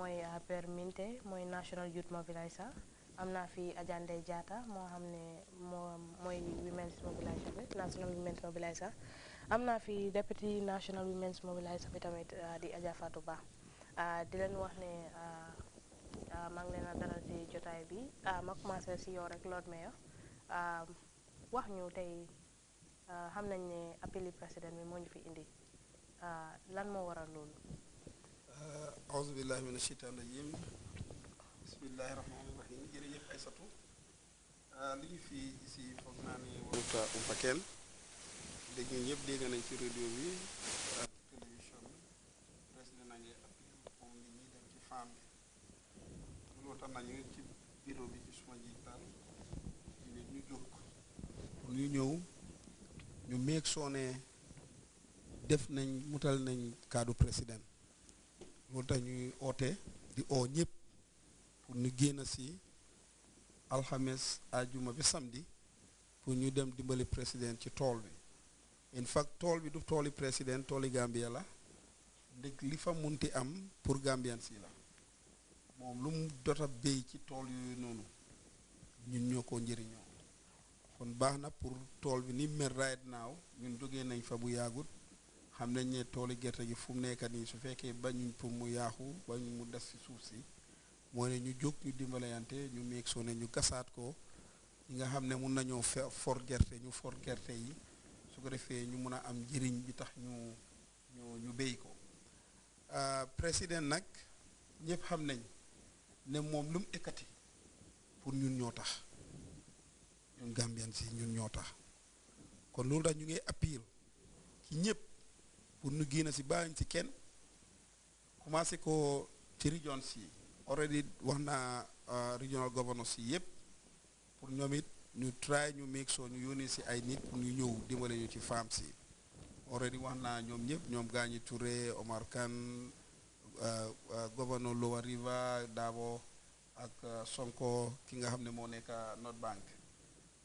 Moy APR moy National Youth Mobiliser amna fi Adja jata mo xamné mo moy Women's Mobiliser National Women's Mobiliser amna fi Deputy National Women's Mobiliser bi tamit ah, di Adja Fatou Ba ah, di len wax ne ah, maa ngi leen dara ci jotay bi ma commencé si yow rek Lord Mayor wax ñu tay xamnañ né ne appeli président bi mo ñu fi indi lan mo waral loolu aousubillahi min asheytaan rajim bismillahi rahmanirahim jërëjëf ay satu ah, li ñu fii si foog naa ni waruta umpa kenn dégg ñu ñëpp dégg nañ ci radio bi ak télévision bi président nañu li nañu ci bureau bi ci suma njiitaan ñu jóg ñu ñëw ñu meeg soone def nañ mutal nañ kaddu président loolu tax ñuy oote di oo ñëpp pour ñu génn si alxames ajuma bi samdi pour ñu dem dimbali président ci tool bi in fact tool bi du tooli président tooli Gambia la ndëkk li fa munti am pour Gambian si la moom lu mu jot a béy ci tool yooyu noonu ñun ñoo ko njëriñoo kon baax na pour tool bi ni mel right now ñun jógee nañ fa bu yaagut xam nañ ne toolu gerte gi fu mu nekk nii su fekkee bañuñ pour mu yaaxu bañ mu des ci suuf si moo ne ñu jóg ñu dimbaleyante ñu meeg soo ne ñu gasaat ko ñi nga xam ne mun nañoo for gerte ñu for gerte yi su ko defee ñu mun a am njëriñ bi tax ñu ñu ñu béy ko euh, président nag ñëpp xam nañ ne moom lu mu ekkati pour ñun ñoo tax ñun Gambian si ñun ñoo tax kon loolu daal ñu ngi appeal ci ñëpp. pour ñu génn si bàyyiñ ci kenn commencé ko ci région si already wax naa euh, regional governors yi yëpp pour ñoom it ñu try ñu make sure ñu yónnee si ay nit pour ñu ñëw dimbale ñu ci femmes si already wax naa ñoom ñëpp ñoom Gagny Touré Omar Kane euh, euh, gouverneur Lower River Dabo ak Sonko ki nga xam ne moo nekk North Bank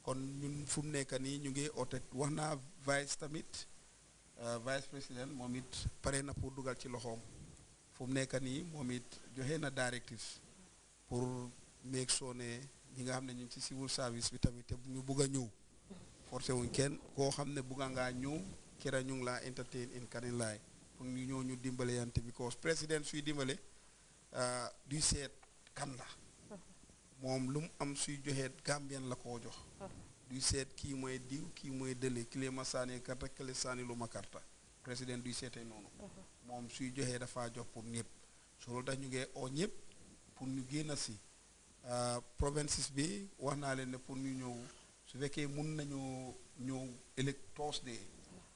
kon ñun fu mu nekk ñu ngi oote wax naa vice tamit. Euh, vice président moom it pare na pour dugal ci loxoom fu mu nekk nii moom it joxe na directive pour make sure ne ñi nga xam ne ñu ngi ci civil service bi tamit te ñu bugg a ñëw forcé wuñ kenn koo xam ne bugga ngaa ñëw kera ñu ngi laa entertain in kanin pour ñu ñëw ñu dimbale yante because président suy dimbale euh, du seet kan la moom lu mu am suy joxe Gambien la koo jox du seet kii mooy diw kii mooy dële kile ma saani karta kile saani lu ma karta président duy seetee noonu moom suy joxee dafaa jox pour ñëpp so loolu tax ñu ngee oo ñëpp pour ñu génn si euh, provinces bi wax naa leen ne pour ñu ñëw su fekkee mun nañoo ñëw elect Tuesday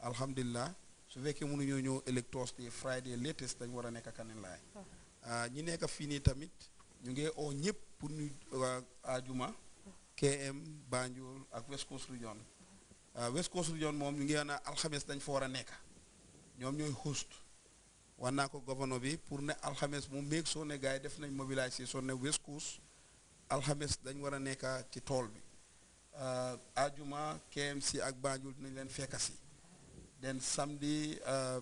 alhamdulilah su fekkee mënuñoo ñëw elect Tuesday Friday latest dañ war a nekk kanin laay euh, ñi nekk fii nii tamit ñu ngee oo ñëpp pour ñu ajuma KM Banjul ak West Coast Region ah, West Region moom ñu ngi naa alxames dañ fa war a nekk ñoom ñooy host wan naa ko gouverneur bi pour ne alxames mu méeg soo ne gars yi def nañ mobilisation ne West Coast alxames dañ war a nekk ci tool bi ah, ajuma si ak Banjul dinañ leen fekk si den samedi ah,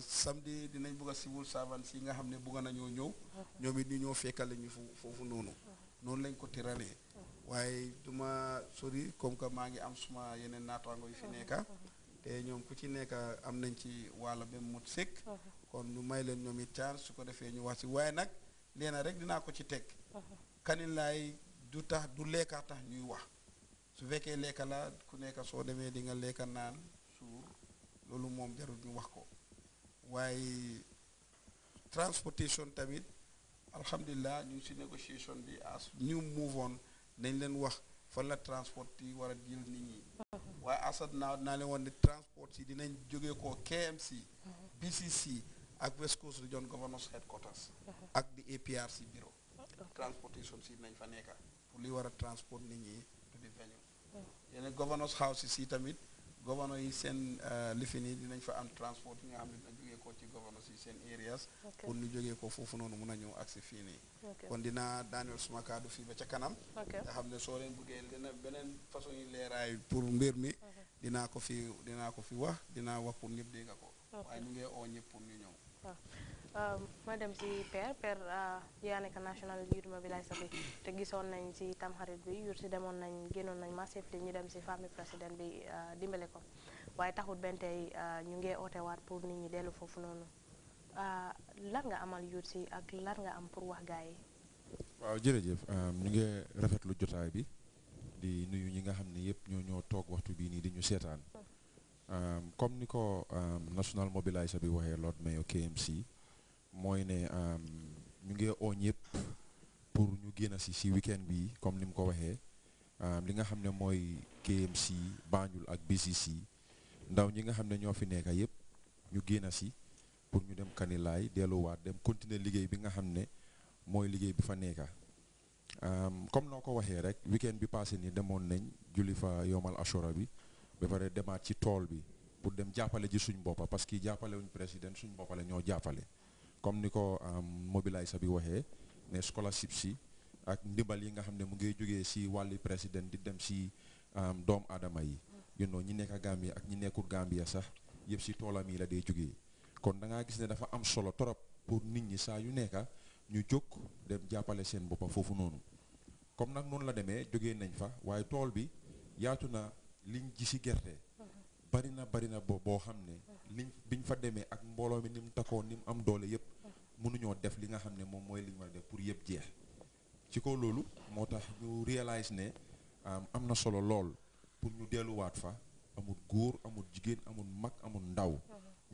samedi dinañ bëgg a civil servants yi nga xam ne bëgg nañoo ñëw ñoom it ñu ñoo fekkale ñu foofu noonu noonu lañ ko tëralee waaye duma sori comme que maa ngi am suma yeneen naataango yu fi nekka uh-huh. te ñoom ku ci nekk am nañ ci wàll ba mu sëkk uh-huh. kon ñu may leen ñoom it chance su ko defee ñu wax si waaye nag leena rek dinaa ko ci teg uh-huh. kanin laay du tax du lekka tax ñuy wax su fekkee lekka la ku nekk soo demee di nga lekka naan suur loolu moom jarul ñu wax ko waaye transportation tamit alhamdulilah ñu ngi si négociation bi as ñu move on nañ leen wax fan la transport yi war a jël nit ñi waaye asad naa naa leen wax ne transport yi dinañ jógee ko KMC BCC ak West Coast Region Governors Headquarters ak di si bureau transportation si nañ fa nekka pour li war a transport nit ñi to governors house si tamit gouverneur yi seen euh, li fi nii dinañ fa am transport yi nga xam ne dina jógee ko ci gouverneur si seen areas pour ñu jógee ko foofu noonu mun a ñëw agsi fii nii kon dina daaneel suma kàddu fii ba ca kanam nga xam ne soo leen bëggee dina beneen façon yi leeraay pour mbir mi mhm. dinaa ko fi dinaa ko fi wax dina wax pour ñëpp dégg nga ko waaye ñu ngi oo ñëpp ñu ñëw ah. Euh, ma dem si père père euh, yaa nekk national youth mobilisation bi te gisoon nañ si tamxarit bi yur si demoon nañ génnoon nañ massively ñu dem si famille président bi euh, dimbale ko waaye taxut benn tey ñu ngi ootewaat pour nit ñi dellu foofu noonu lan nga amal yur si ak lan nga am pour wax gaa yi. waaw jërëjëf ñu ngi rafetlu jotaay bi di nuyu ñi nga xam ne yëpp ñoo ñoo toog waxtu bii nii di ñu seetaan mm. comme ni ko national mobilisation bi waxee Lord Mayor KMC. mooy ne euh, ñu ngi oo ñëpp pour ñu génn si si weekend bi comme ni mu ko waxee euh, li nga xam ne mooy KMC Banjul ak BCC ndaw ñi nga xam ne ñoo fi nekk yëpp ñu génn si pour ñu dem Kanilaay delluwaat dem continuer liggéey bi nga xam ne mooy liggéey bi fa nekka euh, comme noo ko waxee rek weekend bi passé ni demoon nañ julli fa yomal ashura bi ba pare demaat ci tool bi pour dem jàppale ji suñ boppa parce que jàppale wuñ président suñ boppa la ñoo jàppale comme ni ko euh, mobilise sa bi waxee ne scholarship si ak ndimbal yi nga xam ne mu ngi jógee si wàlli président di dem si euh, doom aadama yi you ñi nekk Gambia ak ñi nekkul Gambia sax yëpp si toolam yi la dee jógee kon da ngaa gis ne dafa am solo trop pour nit ñi saa yu nekk ñu jóg dem jàppale seen boppa foofu noonu comme nag noonu la demee jógee nañ fa waaye tool bi yaatu na liñ ji si gerte bari na bari na boo boo xam ne liñ biñ fa demee ak mbooloo mi ni mu takkoon ni mu am doole yëpp mënuñoo def li nga xam ne moom mooy li ñu war def pour yëpp jeex ci kaw loolu moo tax ñu réalise ne am na solo lool pour ñu delluwaat fa amul góor amul jigéen amul mag amul ndaw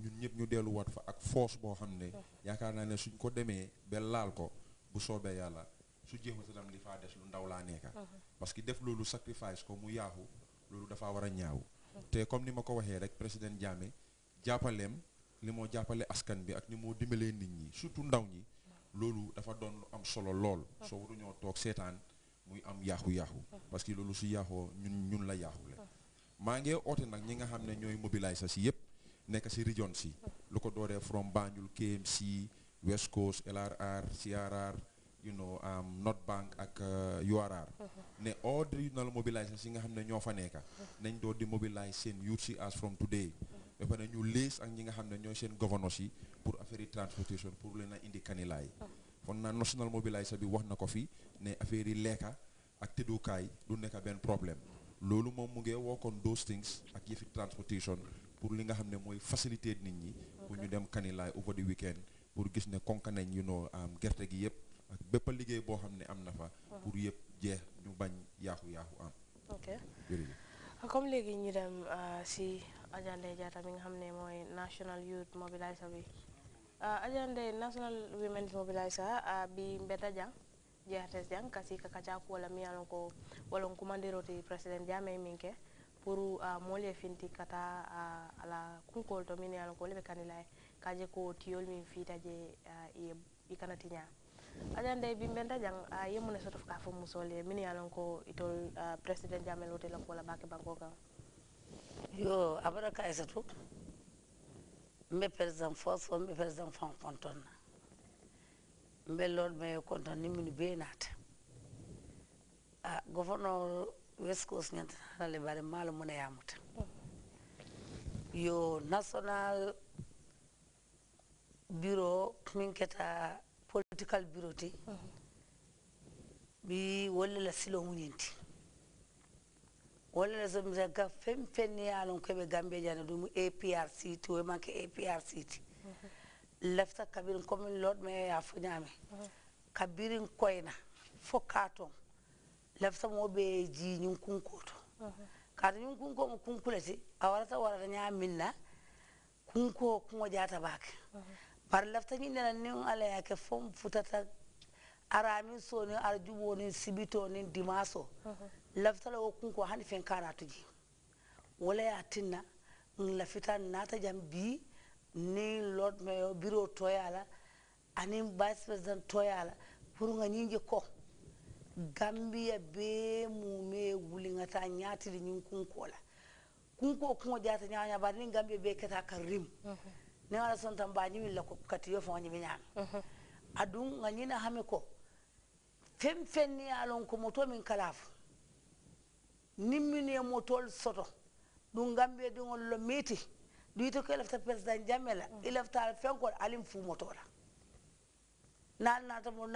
ñun ñëpp ñu delluwaat fa ak force boo xam ne yaakaar naa ne suñ ko demee ba laal ko bu soobee yàlla su jéema sa tam li faa des lu ndaw laa nekka parce que def loolu sacrifice ko mu yaaxu loolu dafa war a ñaaw te comme ni ma ko waxee rek président Jammeh jàppaleem li moo jàppale askan bi ak ni moo dimbalee nit ñi surtout ndaw ñi lolu dafa don am solo lol so soo ñoo tok seetaan muy am yahu yahu parce que lolu su yahu ñun ñun la le ma ngi oté nak ñi nga xamné ñoy mobiliser si yëpp nekk si région si lu from Banjul KMC West Coast LRR CRR you know um not Bank ak URR uh, ne yu na mobilisation si nga xamné ne ñoo fa nekka nañ do di mobiliser sen youth as from today ba pare ñu lees ak ñi nga xam ne ñooy seen gouvernance yi pour affaire yi transportation pour leen a indi kanilaa yi fon naa national mobiliser bi wax na ko fi ne affaire yi lekka ak tëddukaay du nekk benn problème loolu moom mu woo kon those things ak yëfi transportation pour li nga xam ne mooy faciliter nit ñi pour ñu dem kanilaay over the weekend pour gis ne konka nañ you am gerte gi yëpp ak bépp liggéey boo xam ne am na fa oh. pour yëpp jeex ñu bañ yaaxu yaaxu am jërëjëf kom legi ñu dem ci ajande jata mi nga xamne moy national youth mobilizer bi uh, ajande national women mobilizer uh, bi mbeta jang JRS jang kasi kakacha ko wala mi ko wala kumandiro ti president jame minke puru uh, mole finti kata ala kunkol to min ko lebe kanilay kaje ko tiol min fita je e ikanatinya aɗa anndi ɓimɓe daƴan a yemmune sotof ka fo musole min ye lon ko itol ah, président jamel wote lon kola bake banko kan yo abaɗa ka aissatou mbe président fos fo mbe président fan contonna mbe lorɓe conton ni min be naata a ah, gouverneur west coast ñantanarale bare maalo mune yamuta yo national bureau min keta political bureau ti bi la silo muñenti wala la zomza ga fem fen ni alon ko be gambe jana dum APRC ti we manke APRC ti lafta kabirin commune lord me ya fu nyame kabirin koyna fo katon lafta mo be ji nyun kunkoto kar nyun kunko mo kunkulati awara ta wara nya minna kunko kungo jata bak bari lafta ñiŋ nena niŋ alla ye ke fo futata aramin so niŋ arjubo niŋ sibito niŋ dimaso lafita la wo kunko hani feŋ kaara tu je wo le ye a tinna n lafita naata jam bi ni lord mayo biro toya la aniŋ vice president toya la pour ŋa ñiŋ je ko gambia bee mume ye wuli ŋa taa ñaatili ñiŋ kunko la kunko kuŋo jaata ñaaña bari niŋ gambiya bee keta ka mm -hmm. ne ala sonta mba ñimin la ko katiyo fo ñimi ñami mhm. adun nga ñina hami ko fen fen ni alon ko moto min kalaf nimmin ye motol soto ɗum gambe ɗingol lo miti ɗuyito ko ilafta président jammela mhm. ilafta fenkol alim fu motola nalnatamo